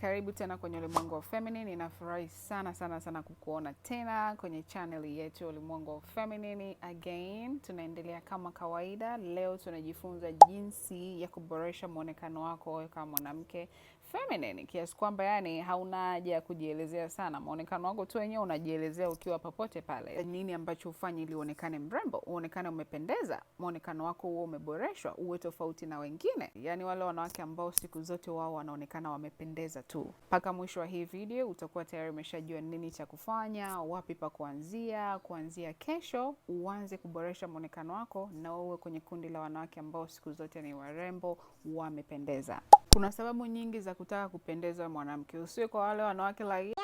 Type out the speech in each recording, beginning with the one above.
Karibu tena kwenye ulimwengu wa Feminine. Ninafurahi sana sana sana kukuona tena kwenye channel yetu ulimwengu wa Feminine. Again, tunaendelea kama kawaida. Leo tunajifunza jinsi ya kuboresha mwonekano wako kama mwanamke feminine kiasi kwamba yani hauna haja ya kujielezea sana. mwonekano wako tu wenyewe unajielezea ukiwa popote pale. Eh. Nini ambacho ufanye ili uonekane mrembo, uonekane umependeza, muonekano wako huo umeboreshwa, uwe tofauti na wengine, yani wale wanawake ambao siku zote wao wanaonekana wamependeza tu. Mpaka mwisho wa hii video utakuwa tayari umeshajua nini cha kufanya, wapi pa kuanzia. Kuanzia kesho uanze kuboresha muonekano wako na uwe kwenye kundi la wanawake ambao siku zote ni warembo, wamependeza. Kuna sababu nyingi za kutaka kupendeza mwanamke, usiwe kwa wale wanawake like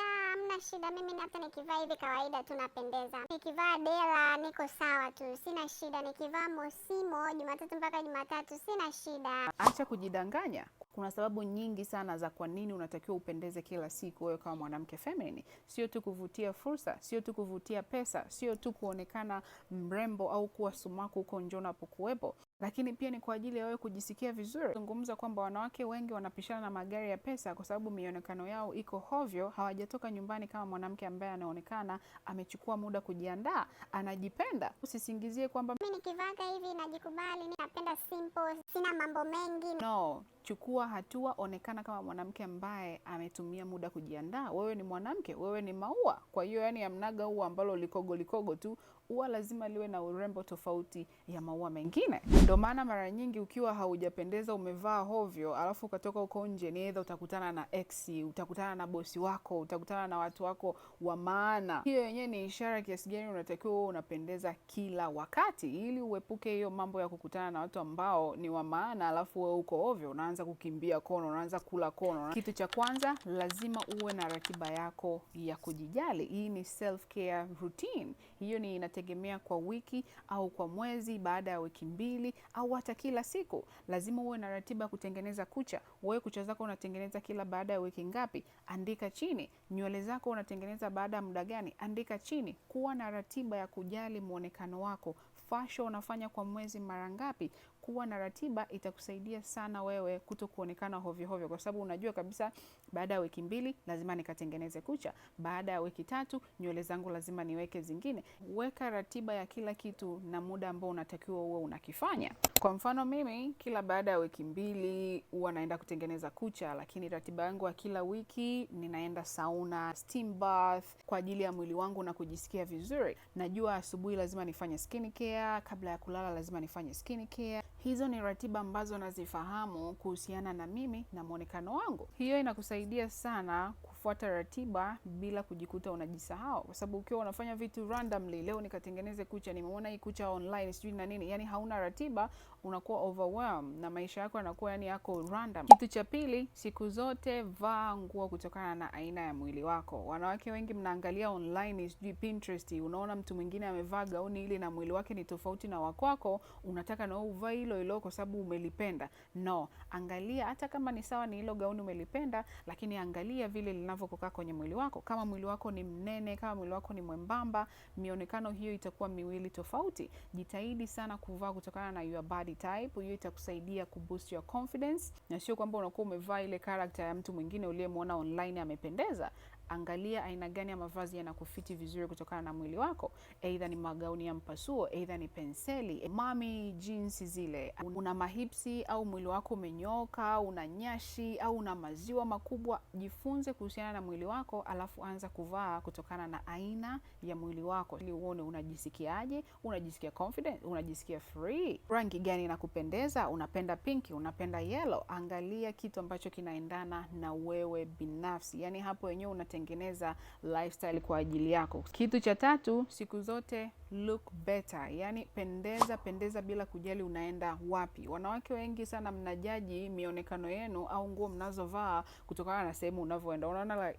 shida, mimi hata nikivaa hivi kawaida tu napendeza, nikivaa dela niko sawa tu, sina shida, nikivaa mosimo Jumatatu mpaka Jumatatu sina shida. Acha kujidanganya. Kuna sababu nyingi sana za kwa nini unatakiwa upendeze kila siku wewe kama mwanamke femini. Sio tu kuvutia fursa, sio tu kuvutia pesa, sio tu kuonekana mrembo au kuwa sumaku huko nje unapokuwepo lakini pia ni kwa ajili ya wewe kujisikia vizuri. Zungumza kwamba wanawake wengi wanapishana na magari ya pesa kwa sababu mionekano yao iko hovyo, hawajatoka nyumbani kama mwanamke ambaye anaonekana amechukua muda kujiandaa, anajipenda. Usisingizie kwamba mimi nikivaga hivi najikubali, mimi napenda simple, sina mambo mengi. No chukua hatua, onekana kama mwanamke ambaye ametumia muda kujiandaa. Wewe ni mwanamke, wewe ni maua. Kwa hiyo yani amnaga huu ambalo likogo likogo tu, huwa lazima liwe na urembo tofauti ya maua mengine. Ndio maana mara nyingi ukiwa haujapendeza, umevaa hovyo, alafu ukatoka huko nje, ni edha utakutana na ex, utakutana na bosi wako, utakutana na watu wako wa maana. Hiyo yenyewe ni ishara kiasi gani unatakiwa unapendeza kila wakati, ili uepuke hiyo mambo ya kukutana na watu ambao ni wa maana, alafu wewe uko hovyo, na unaanza kukimbia kono, unaanza kula kona. Kitu cha kwanza lazima uwe na ratiba yako ya kujijali. Hii ni self care routine, hiyo ni inategemea kwa wiki au kwa mwezi, baada ya wiki mbili au hata kila siku. Lazima uwe na ratiba ya kutengeneza kucha. Wewe kucha zako unatengeneza kila baada ya wiki ngapi? Andika chini. Nywele zako unatengeneza baada ya muda gani? Andika chini. Kuwa na ratiba ya kujali mwonekano wako. Fasho unafanya kwa mwezi mara ngapi? kuwa na ratiba itakusaidia sana wewe kuto kuonekana hovyo hovyo, kwa sababu unajua kabisa baada ya wiki mbili lazima nikatengeneze kucha, baada ya wiki tatu nywele zangu lazima niweke zingine. Weka ratiba ya kila kitu na muda ambao unatakiwa uwe unakifanya. Kwa mfano mimi kila baada ya wiki mbili huwa naenda kutengeneza kucha, lakini ratiba yangu ya kila wiki ninaenda sauna, steam bath kwa ajili ya mwili wangu na kujisikia vizuri. Najua asubuhi lazima nifanye skin care, kabla ya kulala lazima nifanye skin care. Hizo ni ratiba ambazo nazifahamu kuhusiana na mimi na mwonekano wangu. Hiyo inakusaidia sana kufuata ratiba bila kujikuta unajisahau, kwa sababu ukiwa unafanya vitu randomly, leo nikatengeneze kucha, nimeona hii kucha online, sijui na nini, yani hauna ratiba, unakuwa overwhelmed na maisha yako yanakuwa yani yako random. Kitu cha pili, siku zote vaa nguo kutokana na aina ya mwili wako. Wanawake wengi mnaangalia online, sijui Pinterest, unaona mtu mwingine amevaa gauni ili na mwili wake ni tofauti na wakwako, unataka na uvae hilo hilo kwa sababu umelipenda. No, angalia hata kama ni sawa ni hilo gauni umelipenda, lakini angalia vile linavyokukaa kwenye mwili wako. Kama mwili wako ni mnene, kama mwili wako ni mwembamba, mionekano hiyo itakuwa miwili tofauti. Jitahidi sana kuvaa kutokana na your body type hiyo itakusaidia kuboost your confidence, na sio kwamba unakuwa umevaa ile character ya mtu mwingine uliyemwona online amependeza, angalia aina gani ya mavazi yanakufiti vizuri kutokana na mwili wako, aidha ni magauni ya mpasuo, aidha ni penseli, mami jinsi zile. Una mahipsi au mwili wako umenyoka, una nyashi au una maziwa makubwa, jifunze kuhusiana na mwili wako, alafu anza kuvaa kutokana na aina ya mwili wako, ili uone unajisikiaje, unajisikia confident, unajisikia free. Rangi gani inakupendeza? Unapenda pinki, unapenda yellow? Angalia kitu ambacho kinaendana na wewe binafsi, yani hapo wenyewe kutengeneza lifestyle kwa ajili yako. Kitu cha tatu, siku zote look better, yani pendeza pendeza bila kujali unaenda wapi. Wanawake wengi sana mnajaji mionekano yenu au nguo mnazovaa kutokana na sehemu unavyoenda. Unaona,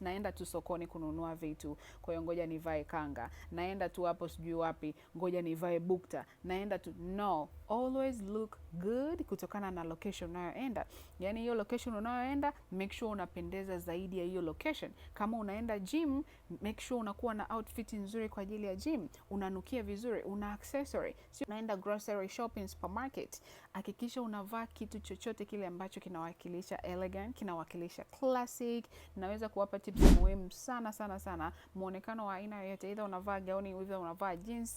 naenda tu sokoni kununua vitu, kwa hiyo ngoja nivae kanga, naenda tu hapo sijui wapi, ngoja nivae bukta, naenda tu no always look good kutokana na location unayoenda. Yani hiyo location unayoenda, make sure unapendeza zaidi ya hiyo location. Kama unaenda gym, make sure unakuwa na outfit nzuri kwa ajili ya gym, unanukia vizuri, una accessory, sio unaenda grocery shopping, supermarket. Hakikisha unavaa kitu chochote kile ambacho kinawakilisha elegant, kinawakilisha classic. Naweza kuwapa tips muhimu sana sana sana, muonekano wa aina yoyote, either unavaa gauni, either unavaa jeans,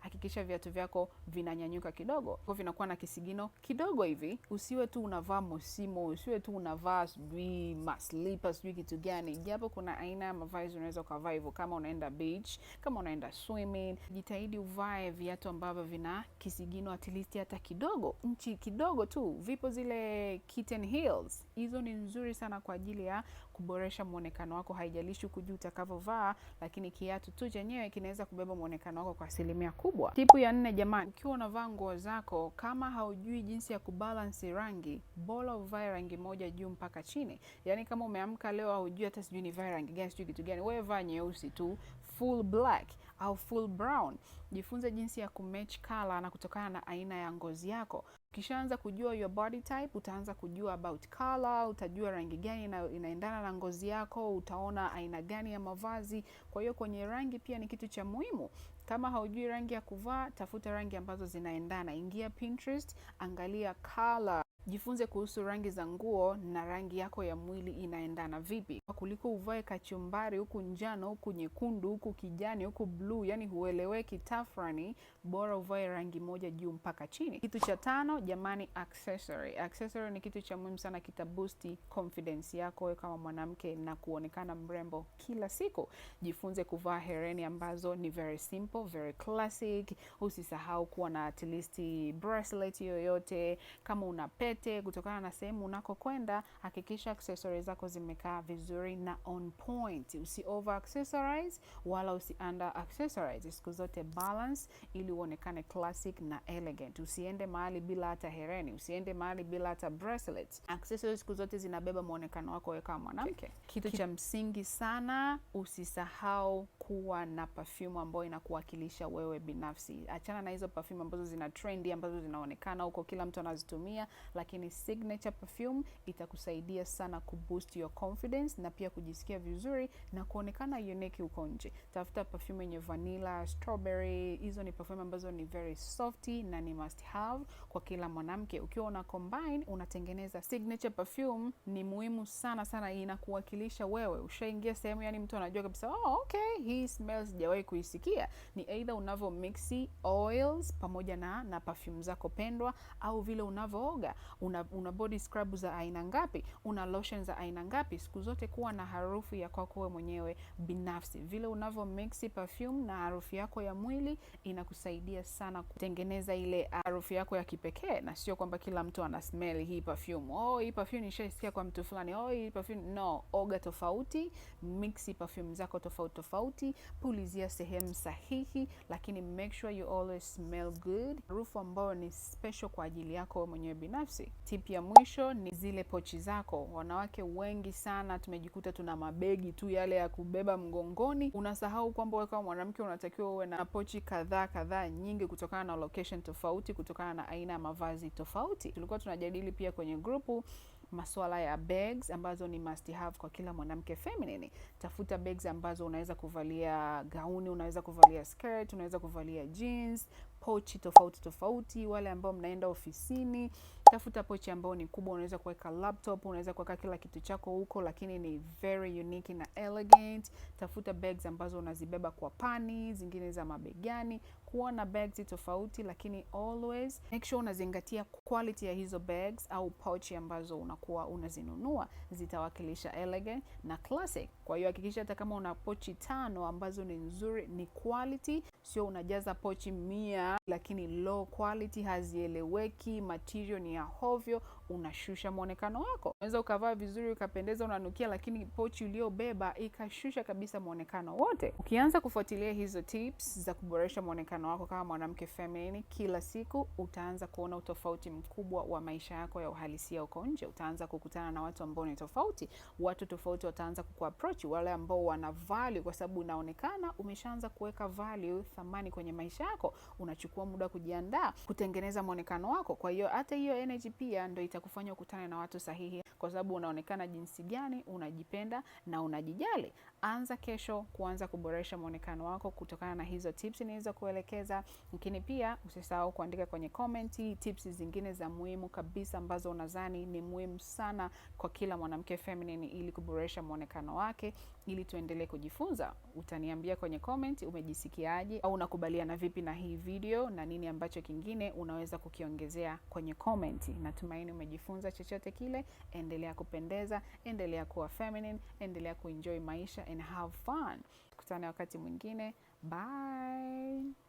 Hakikisha viatu vyako vinanyanyuka kidogo, kwa vinakuwa na kisigino kidogo hivi. Usiwe tu unavaa mosimo, usiwe tu unavaa sijui maslipa, sijui kitu gani, japo kuna aina ya mavazi unaweza ukavaa hivyo. Kama unaenda beach, kama unaenda swimming, jitahidi uvae viatu ambavyo vina kisigino at least hata kidogo, nchi kidogo tu. Vipo zile kitten heels, hizo ni nzuri sana kwa ajili ya kuboresha mwonekano wako, haijalishi huku juu utakavyovaa, lakini kiatu tu chenyewe kinaweza kubeba mwonekano wako kwa asilimia kubwa. Tipu ya nne, jamani, ukiwa unavaa nguo zako, kama haujui jinsi ya kubalansi rangi, bora uvae rangi moja juu mpaka chini. Yani kama umeamka leo haujui hata sijui nivae rangi gani, sijui kitu gani, wewe vaa nyeusi tu, full black au full brown. Jifunze jinsi ya kumatch color na kutokana na aina ya ngozi yako. Ukishaanza kujua your body type, utaanza kujua about color, utajua rangi gani inaendana na ngozi yako, utaona aina gani ya mavazi. Kwa hiyo kwenye rangi pia ni kitu cha muhimu. Kama haujui rangi ya kuvaa, tafuta rangi ambazo zinaendana. Ingia Pinterest, angalia color Jifunze kuhusu rangi za nguo na rangi yako ya mwili inaendana vipi, kuliko uvae kachumbari huku njano huku nyekundu huku kijani huku bluu, yani hueleweki tafrani. Bora uvae rangi moja juu mpaka chini. Kitu cha tano, jamani, accessory. Accessory ni kitu cha muhimu sana, kitabusti confidence yako wewe kama mwanamke na kuonekana mrembo kila siku. Jifunze kuvaa hereni ambazo ni very simple, very classic. Usisahau kuwa na at least bracelet yoyote, kama una pet pete, kutokana na sehemu unakokwenda, hakikisha accessories zako zimekaa vizuri na on point. Usi over accessorize wala usi under accessorize, siku zote balance, ili uonekane classic na elegant. Usiende mahali bila hata hereni, usiende mahali bila hata bracelets. Accessories siku zote zinabeba muonekano wako wewe kama mwanamke. Kitu cha msingi sana, usisahau kuwa na perfume ambayo inakuwakilisha wewe binafsi. Achana na hizo perfume ambazo zina trendy, ambazo zinaonekana huko, kila mtu anazitumia, lakini signature perfume itakusaidia sana kuboost your confidence na pia kujisikia vizuri na kuonekana unique huko nje. Tafuta perfume yenye vanilla, strawberry, hizo ni perfume ambazo ni very softy na ni must have kwa kila mwanamke. Ukiwa una combine unatengeneza signature perfume, ni muhimu sana sana, inakuwakilisha wewe. Ushaingia sehemu, yani mtu anajua kabisa, oh, okay hii smells sijawahi kuisikia. Ni either unavyo mixi oils pamoja na na perfume zako pendwa au vile unavooga una, una body scrub za aina ngapi, una lotion za aina ngapi. Siku zote kuwa na harufu ya kwako wewe mwenyewe binafsi. Vile unavyo mix perfume na harufu yako ya mwili inakusaidia sana kutengeneza ile harufu yako ya kipekee, na sio kwamba kila mtu ana smell hii perfume, oh hii perfume nishaisikia kwa mtu fulani, oh hii perfume no. Oga tofauti, mix perfume zako tofauti tofauti, pulizia sehemu sahihi, lakini make sure you always smell good, harufu ambayo ni special kwa ajili yako mwenyewe binafsi binafsi. Tip ya mwisho ni zile pochi zako. Wanawake wengi sana tumejikuta tuna mabegi tu yale ya kubeba mgongoni, unasahau kwamba wewe kama mwanamke unatakiwa uwe na pochi kadhaa kadhaa nyingi, kutokana na location tofauti, kutokana na aina ya mavazi tofauti. Tulikuwa tunajadili pia kwenye grupu masuala ya bags ambazo ni must have kwa kila mwanamke feminine. Tafuta bags ambazo unaweza kuvalia gauni, unaweza kuvalia skirt, unaweza kuvalia jeans, pochi tofauti tofauti. Wale ambao mnaenda ofisini, tafuta pochi ambayo ni kubwa, unaweza kuweka laptop, unaweza kuweka kila kitu chako huko, lakini ni very unique na elegant. Tafuta bags ambazo unazibeba kwa pani, zingine za mabegani. Kuwa na bags tofauti, lakini always make sure unazingatia quality ya hizo bags au pochi ambazo unakuwa unazinunua, zitawakilisha elegant na classic. Kwa hiyo hakikisha hata kama una pochi tano ambazo ni nzuri, ni quality, sio unajaza pochi mia lakini low quality, hazieleweki, material ni Cunha Rovio, unashusha mwonekano wako. Unaweza ukavaa vizuri ukapendeza, unanukia, lakini pochi uliobeba ikashusha kabisa mwonekano wote. Ukianza kufuatilia hizo tips za kuboresha mwonekano wako kama mwanamke feminine kila siku, utaanza kuona utofauti mkubwa wa maisha yako ya uhalisia uko nje. Utaanza kukutana na watu ambao ni tofauti, watu tofauti wataanza kukuapproach, wale ambao wana value, kwa sababu unaonekana umeshaanza kuweka value, thamani kwenye maisha yako. Unachukua muda kujiandaa, kutengeneza mwonekano wako, kwa hiyo hata hiyo energy pia ndio itakufanya ukutane na watu sahihi, kwa sababu unaonekana jinsi gani unajipenda na unajijali. Anza kesho kuanza kuboresha mwonekano wako kutokana na hizo tips niweza kuelekeza, lakini pia usisahau kuandika kwenye comment tips zingine za muhimu kabisa ambazo unadhani ni muhimu sana kwa kila mwanamke feminine ili kuboresha mwonekano wake ili tuendelee kujifunza. Utaniambia kwenye comment umejisikiaje au unakubaliana vipi na hii video na nini ambacho kingine unaweza kukiongezea kwenye comment. Natumaini umejifunza chochote kile. Endelea kupendeza, endelea kuwa feminine, endelea kuenjoy maisha and have fun. Tukutane wakati mwingine. Bye.